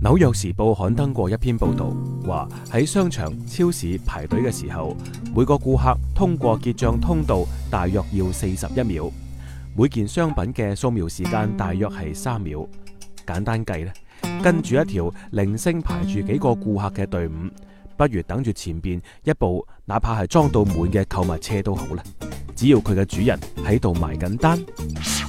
紐約時報刊登過一篇報道，話喺商場、超市排隊嘅時候，每個顧客通過結賬通道大約要四十一秒，每件商品嘅掃描時間大約係三秒。簡單計呢，跟住一條零星排住幾個顧客嘅隊伍，不如等住前邊一部哪怕係裝到滿嘅購物車都好啦，只要佢嘅主人喺度埋緊單。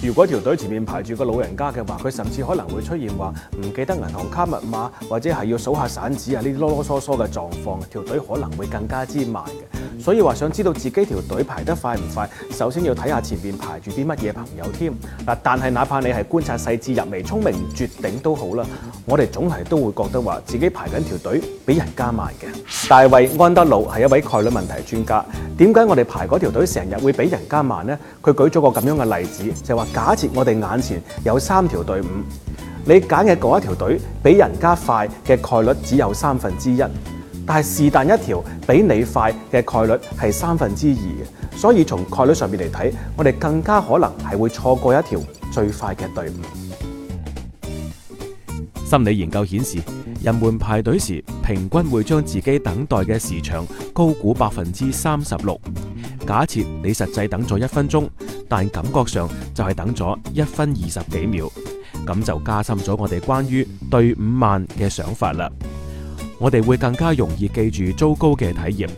如果條隊前面排住個老人家嘅話，佢甚至可能會出現話唔記得銀行卡密碼，或者係要數下散紙啊呢啲囉囉嗦嗦嘅狀況，條隊可能會更加之慢嘅。所以話想知道自己條隊排得快唔快，首先要睇下前面排住啲乜嘢朋友添嗱。但係哪怕你係觀察細緻入微、聰明絕頂都好啦，我哋總係都會覺得話自己排緊條隊比人家慢嘅。大衛安德魯係一位概率問題專家，點解我哋排嗰條隊成日會比人家慢呢？佢舉咗個咁樣嘅例子，就係話。假設我哋眼前有三條隊伍，你揀嘅嗰一條隊比人家快嘅概率只有三分之一，但係是但一條比你快嘅概率係三分之二，所以從概率上面嚟睇，我哋更加可能係會錯過一條最快嘅隊伍。心理研究顯示，人們排隊時平均會將自己等待嘅時長高估百分之三十六。假設你實際等咗一分鐘。但感覺上就係等咗一分二十幾秒，咁就加深咗我哋關於隊伍慢嘅想法啦。我哋會更加容易記住糟糕嘅體驗，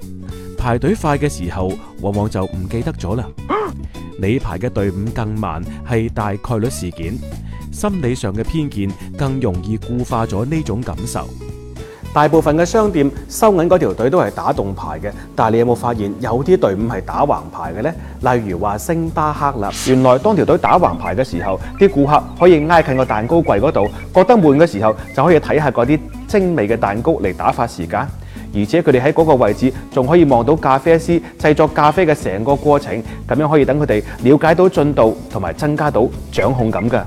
排隊快嘅時候，往往就唔記得咗啦。你排嘅隊伍更慢係大概率事件，心理上嘅偏見更容易固化咗呢種感受。大部分嘅商店收銀嗰條隊都係打戙排嘅，但係你有冇發現有啲隊伍係打橫排嘅呢？例如話星巴克啦，原來當條隊打橫排嘅時候，啲顧客可以挨近個蛋糕櫃嗰度，覺得悶嘅時候就可以睇下嗰啲精美嘅蛋糕嚟打發時間，而且佢哋喺嗰個位置仲可以望到咖啡師製作咖啡嘅成個過程，咁樣可以等佢哋了解到進度同埋增加到掌控感㗎。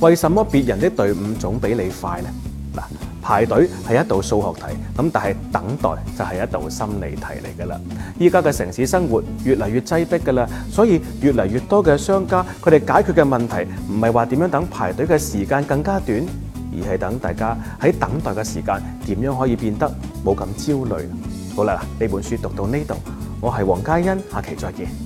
為什麼別人的隊伍總比你快呢？嗱，排隊係一道數學題，咁但係等待就係一道心理題嚟噶啦。依家嘅城市生活越嚟越擠迫噶啦，所以越嚟越多嘅商家，佢哋解決嘅問題唔係話點樣等排隊嘅時間更加短，而係等大家喺等待嘅時間點樣可以變得冇咁焦慮。好啦，呢本書讀到呢度，我係黃嘉欣，下期再見。